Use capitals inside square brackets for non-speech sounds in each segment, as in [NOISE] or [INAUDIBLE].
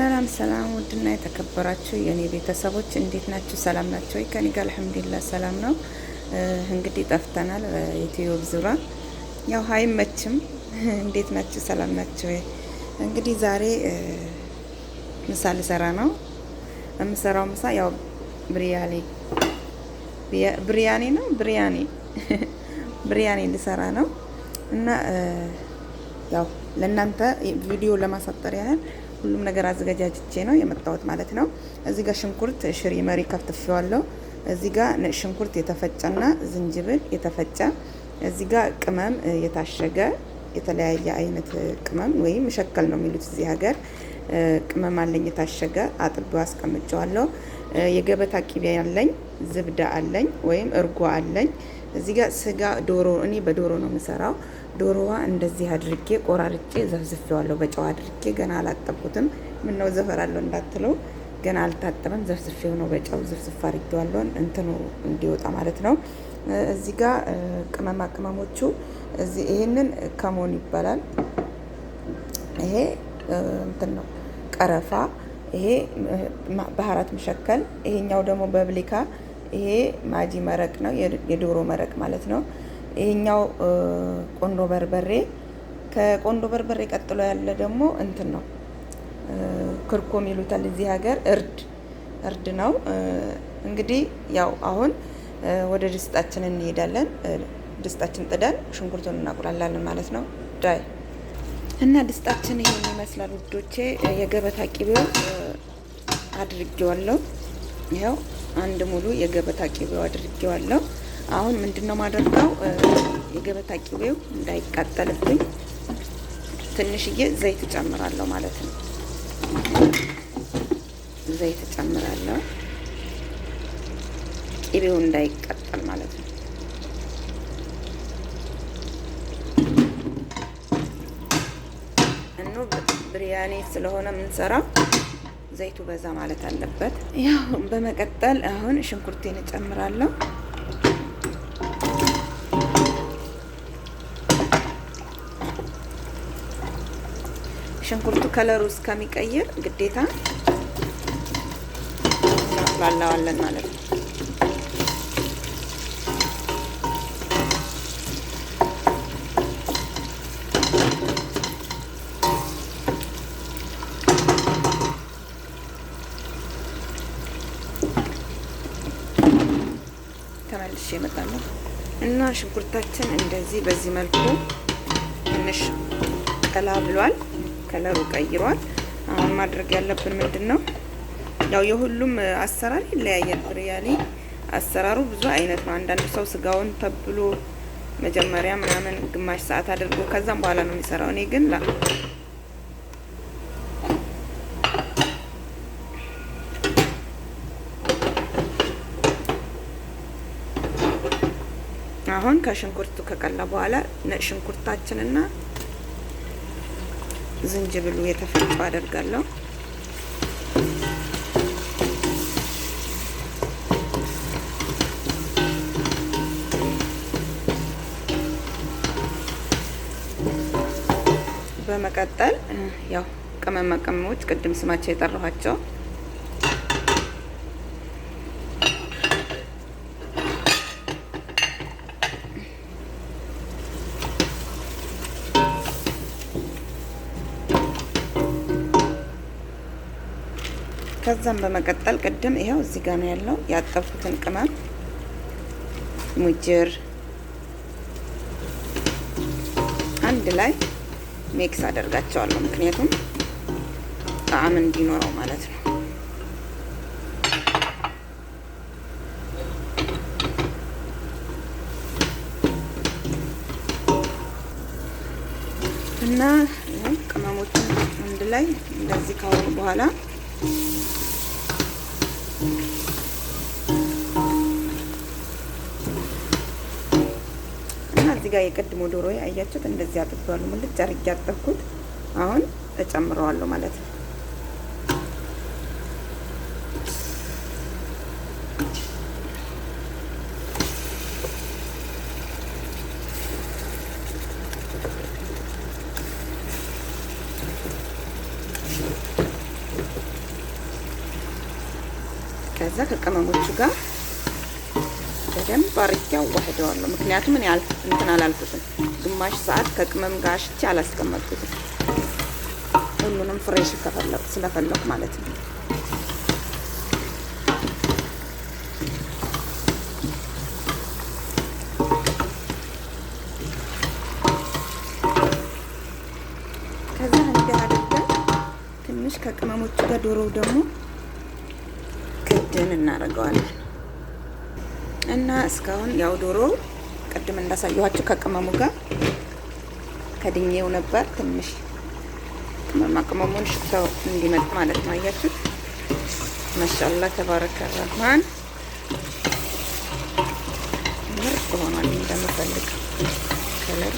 ሰላም ሰላም፣ ውድና የተከበራችሁ የእኔ ቤተሰቦች እንዴት ናችሁ? ሰላም ናቸው ወይ? ከኔ ጋር አልሐምዱሊላህ ሰላም ነው። እንግዲህ ጠፍተናል በዩቲዩብ ዙራ ያው መችም [LAUGHS] እንዴት ናችሁ? ሰላም ናቸው ወይ? እንግዲህ ዛሬ ምሳ ልሰራ ነው። የምሰራው ምሳ ያው ብሪያኒ ብሪያኒ ነው ብሪያኒ [LAUGHS] ብሪያኒ ልሰራ ነው እና ያው ለእናንተ ቪዲዮ ለማሳጠር ያህል ሁሉም ነገር አዘጋጃጅቼ ነው የመጣሁት ማለት ነው። እዚህ ጋር ሽንኩርት ሽሪ መሪ ከፍትፌዋለሁ። እዚህ ጋር ሽንኩርት የተፈጨና ዝንጅብል የተፈጨ እዚህ ጋር ቅመም የታሸገ የተለያየ አይነት ቅመም ወይም ሸከል ነው የሚሉት እዚህ ሀገር ቅመም አለኝ የታሸገ አጥቤ አስቀምጨዋለሁ። የገበታ ቂቤ አለኝ፣ ዝብዳ አለኝ ወይም እርጎ አለኝ። እዚህ ጋር ስጋ ዶሮ፣ እኔ በዶሮ ነው የምሰራው ዶሮዋ እንደዚህ አድርጌ ቆራርጬ ዘፍዝፌዋለሁ። በጨው አድርጌ ገና አላጠብኩትም። ዘፈር ዘፈራለሁ እንዳትለው፣ ገና አልታጠበም። ዘፍዝፌው ነው በጨው ዝፍዝፍ አድርጌዋለሁ፣ እንትኑ እንዲወጣ ማለት ነው። እዚህ ጋር ቅመማ ቅመሞቹ ይህንን ይሄንን ከሞን ይባላል። ይሄ እንትን ነው ቀረፋ። ይሄ ባህራት መሸከል። ይሄኛው ደግሞ በብሊካ። ይሄ ማጂ መረቅ ነው፣ የዶሮ መረቅ ማለት ነው። ይሄኛው ቆንዶ በርበሬ ከቆንዶ በርበሬ ቀጥሎ ያለ ደግሞ እንትን ነው ክርኮም ይሉታል እዚህ ሀገር እርድ እርድ ነው እንግዲህ ያው አሁን ወደ ድስጣችን እንሄዳለን ድስጣችን ጥደን ሽንኩርቱን እናቁላላለን ማለት ነው ዳይ እና ድስጣችን ይሄን ይመስላል ውዶቼ የገበታ ቂቤው አድርጌዋለሁ ይኸው አንድ ሙሉ የገበታ ቂቤው አድርጌዋለሁ አሁን ምንድን ነው ማደርገው የገበታ ቂቤው እንዳይቃጠልብኝ ትንሽዬ ዘይት እጨምራለሁ ማለት ነው። ዘይት እጨምራለሁ ቂቤው እንዳይቃጠል ማለት ነው። ብሪያኔ ስለሆነ የምንሰራው ዘይቱ በዛ ማለት አለበት። ያው በመቀጠል አሁን ሽንኩርቴን እጨምራለሁ። ሽንኩርቱ ከለሩ እስከሚቀይር ግዴታ ላላዋለን ማለት ነው። ተመልሼ እመጣለሁ እና ሽንኩርታችን እንደዚህ በዚህ መልኩ ትንሽ ቀላ ብሏል። ከለሩ ቀይሯል። አሁን ማድረግ ያለብን ምንድን ነው? ያው የሁሉም አሰራር ይለያያል። ብርያኒ አሰራሩ ብዙ አይነት ነው። አንዳንድ ሰው ስጋውን ተብሎ መጀመሪያ ምናምን ግማሽ ሰዓት አድርጎ ከዛም በኋላ ነው የሚሰራው። እኔ ግን ላ አሁን ከሽንኩርቱ ከቀላ በኋላ ሽንኩርታችንና ዝንጅብሉ የተፈጨ አደርጋለሁ። በመቀጠል ያው ቅመማ ቅመሞች ቅድም ስማቸው የጠራኋቸው ከዛም በመቀጠል ቅድም ይኸው እዚህ ጋር ነው ያለው ያጠብኩትን ቅመም ሙጅር አንድ ላይ ሜክስ አደርጋቸዋለሁ። ምክንያቱም ጣዕም እንዲኖረው ማለት ነው። እና ቅመሞችን አንድ ላይ እንደዚህ ካወሩ በኋላ እዚህ ጋር የቀድሞ ዶሮ ያያችሁት እንደዚህ አጥቷል። ሙልጭ አድርጌ አጠብኩት። አሁን እጨምረዋለሁ ማለት ነው። ከዛ ከቅመሞቹ ጋር አድርጌ አዋህደዋለሁ። ምክንያቱም እኔ እንትን አላልኩትም፣ ግማሽ ሰዓት ከቅመም ጋር አሽቼ አላስቀመጥኩትም። ሁሉንም ፍሬሽ ከፈለኩ ስለፈለኩ ማለት ነው። ከዛ ትንሽ ከቅመሞቹ ጋር ዶሮው ደግሞ ክድን እናደርገዋለን። እና እስካሁን ያው ዶሮ ቅድም እንዳሳየኋችሁ ከቅመሙ ጋር ከድኜው ነበር። ትንሽ ቅመማ ቅመሙን ሽታው እንዲመጥ ማለት ነው። አያችሁ፣ ማሻላ ተባረከ ረህማን ምርጥ ሆኗል። እንደምፈልግ ከለር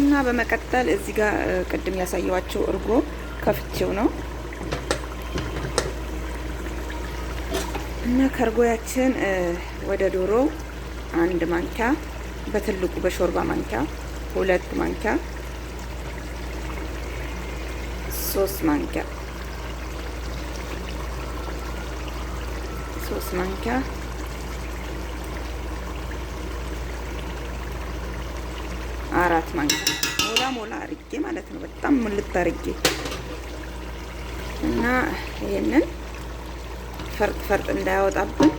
እና በመቀጠል እዚህ ጋር ቅድም ያሳየኋችሁ እርጎ ከፍቼው ነው እና ከርጎያችን ወደ ዶሮ አንድ ማንኪያ በትልቁ በሾርባ ማንኪያ፣ ሁለት ማንኪያ፣ ሶስት ማንኪያ ሶስት ማንኪያ አራት ማንኪያ ሞላ ሞላ አርጌ ማለት ነው። በጣም ሙልት አርጌ እና ይሄንን ፈርጥ ፈርጥ እንዳያወጣብን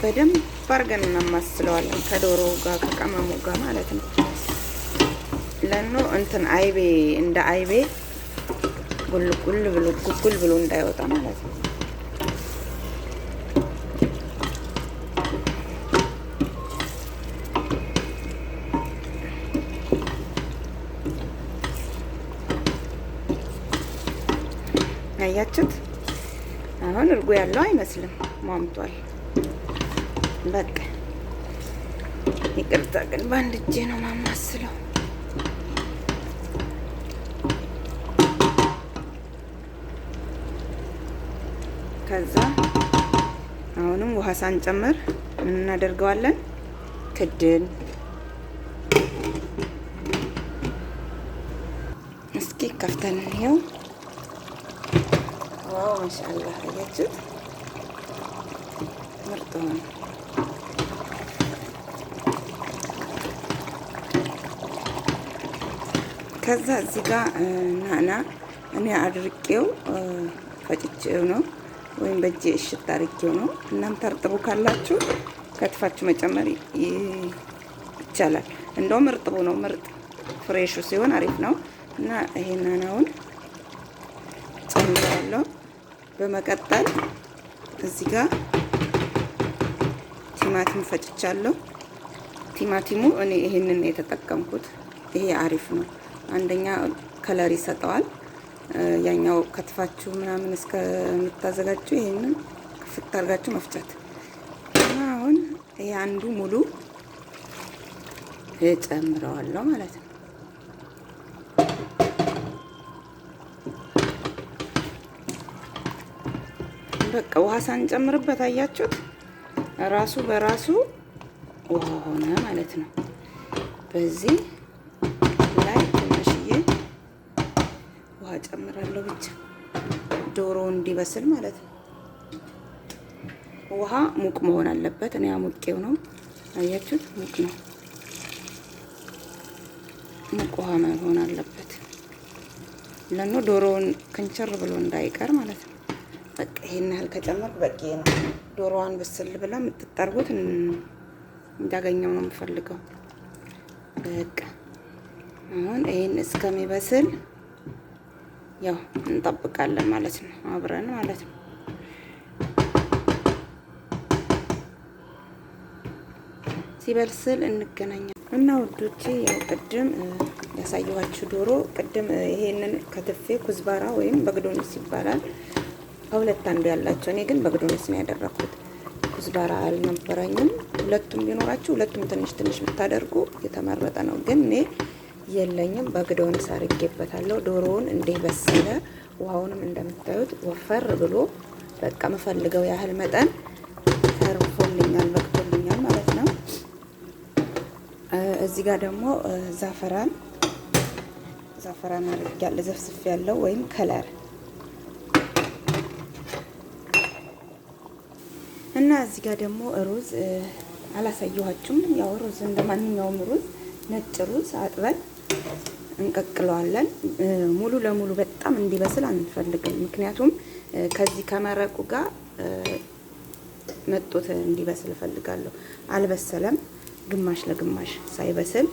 በደንብ አድርገን እናማስለዋለን ከዶሮ ጋር ከቀመሙ ጋር ማለት ነው። ለኖ እንትን አይቤ እንደ አይቤ ጉልጉል ብሎ ጉጉል ብሎ እንዳይወጣ ማለት ነው። አያችሁት? አሁን እርጎ ያለው አይመስልም። ሟምቷል። በቃ ይቅርታ ግን በአንድ እጄ ነው ማማስለው። ከዛ አሁንም ውሃ ሳንጨምር ምን እናደርገዋለን? ክድን እስኪ ከፍተን ይኸው ዋው ማሻአላህ አያችሁት፣ ምርጥ ነው። ከዛ እዚህ ጋር ናና እኔ አድርቄው ፈጭቼው ነው ወይም በእጄ እሽት አድርጌው ነው። እናንተ እርጥቡ ካላችሁ ከትፋችሁ መጨመር ይቻላል። እንደውም እርጥቡ ነው ምርጥ ፍሬሹ ሲሆን አሪፍ ነው እና ይሄ ናናውን በመቀጠል እዚህ ጋር ቲማቲም ፈጭቻለሁ። ቲማቲሙ እኔ ይሄንን ነው የተጠቀምኩት። ይሄ አሪፍ ነው። አንደኛ ከለር ይሰጠዋል። ያኛው ከትፋችሁ ምናምን እስከምታዘጋጁ ይሄንን ክፍት አድርጋችሁ መፍጨት አሁን ይሄ አንዱ ሙሉ እጨምረዋለሁ ማለት ነው። በቃ ውሃ ሳንጨምርበት አያችሁት፣ ራሱ በራሱ ውሃ ሆነ ማለት ነው። በዚህ ላይ ትንሽዬ ውሃ ጨምራለሁ ብቻ ዶሮ እንዲበስል ማለት ነው። ውሃ ሙቅ መሆን አለበት። እኔ አሙቄው ነው አያችሁት፣ ሙቅ ነው። ሙቅ ውሃ መሆን አለበት ለኖ ዶሮውን ክንቸር ብሎ እንዳይቀር ማለት ነው። በቃ ይሄን ያህል ከጨመርኩ በቂ ነው። ዶሮዋን ብስል ብላ የምትጠርጉት እንዳገኘው ነው የምፈልገው። በቃ አሁን ይሄን እስከሚበስል ያው እንጠብቃለን ማለት ነው፣ አብረን ማለት ነው። ሲበስል እንገናኛለን እና ውዶች፣ ያው ቅድም ያሳየኋችሁ ዶሮ ቅድም ይሄንን ከትፌ ኩዝባራ ወይም በግዶንስ ይባላል ከሁለት አንዱ ያላቸው። እኔ ግን በግዶነስ ነው ያደረኩት። ኩዝባራ አልነበረኝም። ሁለቱም ቢኖራችሁ ሁለቱም ትንሽ ትንሽ ብታደርጉ የተመረጠ ነው። ግን እኔ የለኝም፣ በግዶነስ አድርጌበታለሁ። ዶሮውን እንዲህ በሰለ፣ ውሃውንም እንደምታዩት ወፈር ብሎ በቃ መፈልገው ያህል መጠን ተርፎልኛል፣ በቅቶልኛል ማለት ነው። እዚህ ጋር ደግሞ ዛፈራን ዛፈራን ያለ ዘፍስፍ ያለው ወይም ከለር እና እዚህ ጋር ደግሞ ሩዝ አላሳየኋችሁም። ያው ሩዝ እንደማንኛውም ሩዝ ነጭ ሩዝ አጥበን እንቀቅለዋለን። ሙሉ ለሙሉ በጣም እንዲበስል አንፈልግም፣ ምክንያቱም ከዚህ ከመረቁ ጋር መጦት እንዲበስል እፈልጋለሁ። አልበሰለም፣ ግማሽ ለግማሽ ሳይበስል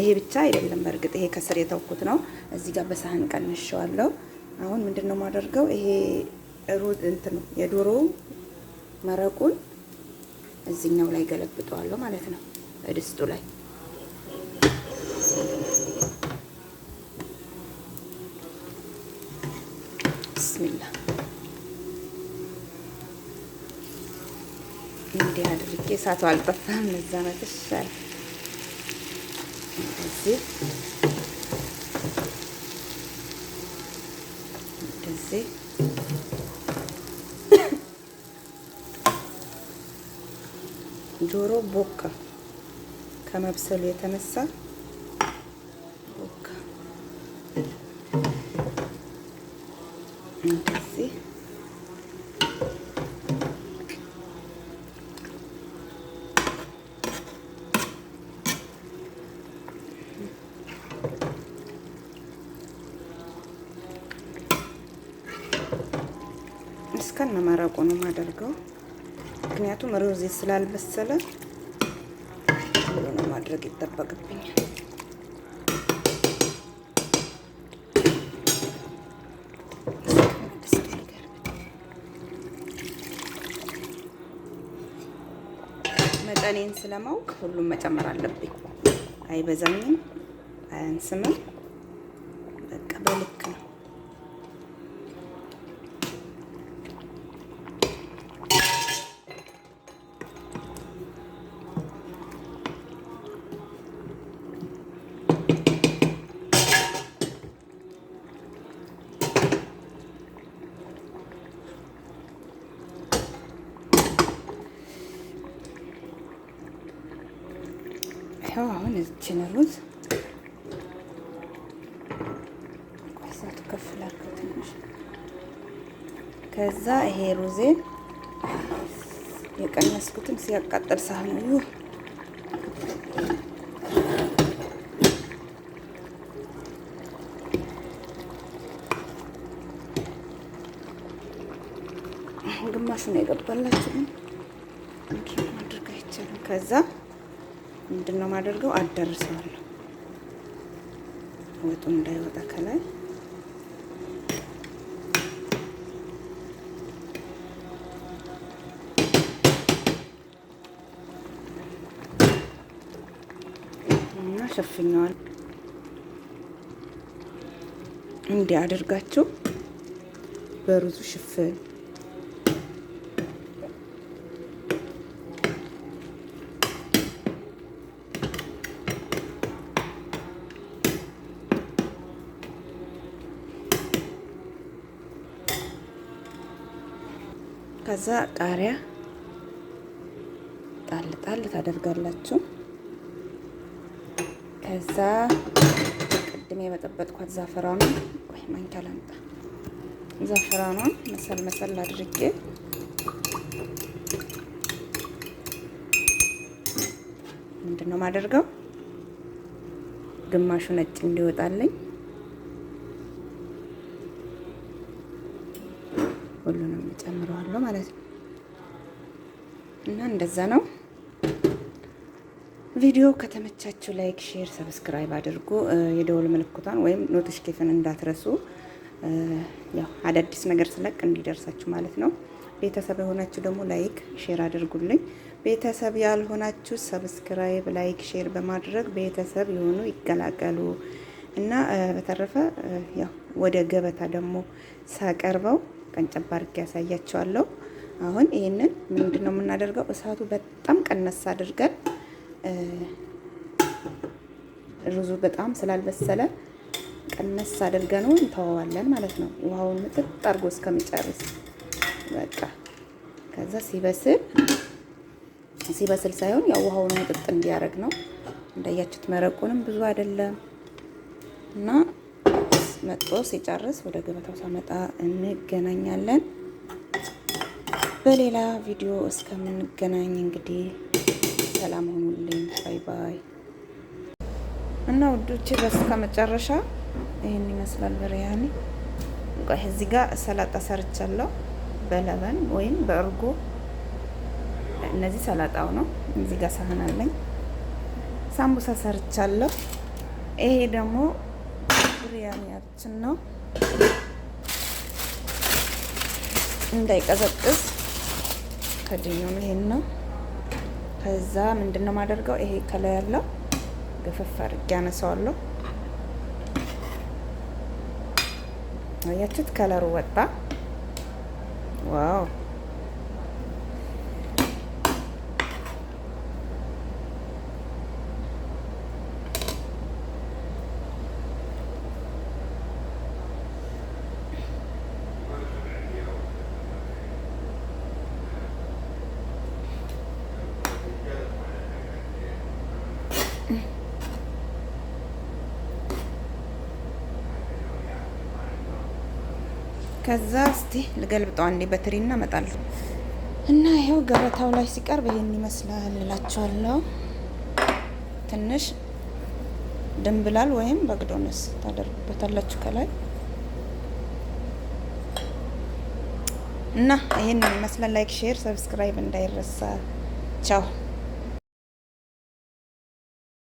ይሄ ብቻ አይደለም። በእርግጥ ይሄ ከስር የተውኩት ነው። እዚህ ጋር በሳህን ቀንሸዋለሁ። አሁን ምንድን ነው የማደርገው? ይሄ ሩዝ እንትን የዶሮ መረቁን እዚኛው ላይ ገለብጠዋለሁ ማለት ነው እድስቱ ላይ ብስሚላ እንዲህ አድርጌ እሳቱ አልጠፋም። እዛ መጥሽ እንደዚህ እንደዚህ ዶሮ ቦካ ከመብሰሉ የተነሳ ቦካ እንደዚህ እስከነ መረቁ ነው የማደርገው። ምክንያቱም ሩዝ ስላልበሰለ ማድረግ ይጠበቅብኛል። መጠኔን ስለማውቅ ሁሉም መጨመር አለብኝ። አይበዛኝም፣ አያንስምም። አሁን እችን ሩዝ ቆይሳቱ ከፍላችሁ ትንሽ ከዛ ይሄ ሩዜ የቀነስኩትን ሲያቃጠል ሳህኑ ግማሹን የገባላችሁ ማድረግ አይቻልም። ከዛ ምንድን ነው ማደርገው? አደርሰዋለሁ። ወጡ እንዳይወጣ ከላይ እና ሸፍኛዋል። እንዲህ አድርጋችሁ በሩዙ ሽፍን ከዛ ቃሪያ ጣል ጣል ታደርጋላችሁ። ከዛ ቅድሜ የበጠበጥኳት ዛፈራኑ ቆይ ማንኪያ ላምጣ። ዛፈራኗን መሰል መሰል አድርጌ ምንድን ነው ማደርገው ግማሹ ነጭ እንዲወጣልኝ ጨምረዋለሁ ማለት ነው። እና እንደዛ ነው። ቪዲዮ ከተመቻችሁ ላይክ፣ ሼር፣ ሰብስክራይብ አድርጉ። የደወል ምልክቷን ወይም ኖቲፊኬሽን እንዳትረሱ። ያው አዳዲስ ነገር ስለቅ እንዲደርሳችሁ ማለት ነው። ቤተሰብ የሆናችሁ ደግሞ ላይክ ሼር አድርጉልኝ። ቤተሰብ ያልሆናችሁ ሰብስክራይብ፣ ላይክ፣ ሼር በማድረግ ቤተሰብ የሆኑ ይቀላቀሉ እና በተረፈ ያው ወደ ገበታ ደግሞ ሳቀርበው ቀንጨባ አድርጌ ያሳያቸዋለሁ። አሁን ይህንን ምንድን ነው የምናደርገው? እሳቱ በጣም ቀነስ አድርገን ሩዙ በጣም ስላልበሰለ ቀነስ አድርገን እንተወዋለን ማለት ነው። ውሃውን ምጥጥ አድርጎ እስከሚጨርስ በቃ ከዛ ሲበስል ሲበስል ሳይሆን ያው ውሃውን ምጥጥ እንዲያደርግ ነው። እንዳያችሁት መረቁንም ብዙ አይደለም እና መጥጦ ሲጨርስ ወደ ገበታው ሳመጣ እንገናኛለን። በሌላ ቪዲዮ እስከምንገናኝ እንግዲህ ሰላም ሆኑልኝ። ባይ ባይ። እና ውዶቼ በስከ መጨረሻ ይህን ይመስላል ብርያኒ። ቆይ እዚህ ጋር ሰላጣ ሰርቻለሁ በለበን ወይም በእርጎ እነዚህ ሰላጣው ነው። እዚህ ጋር ሳህን አለኝ። ሳምቡሳ ሰርቻለሁ። ይሄ ደግሞ ብሪያኒ ያችን ነው እንዳይቀዘቅዝ ከድኙም ይሄን ነው። ከዛ ምንድን ነው የማደርገው? ይሄ ከላይ ያለው ገፈፍ አድርጌ አነሳዋለሁ። አያችሁት? ከለሩ ወጣ። ዋው ከዛ እስቲ ልገልብጠው አንዴ በትሪ እና እመጣለሁ እና ይኸው ገበታው ላይ ሲቀርብ ይሄን ይመስላል እላችኋለሁ። ትንሽ ድንብላል ወይም በግዶነስ ታደርጉበታላችሁ ከላይ እና ይሄን ይመስላል። ላይክ፣ ሼር፣ ሰብስክራይብ እንዳይረሳ። ቻው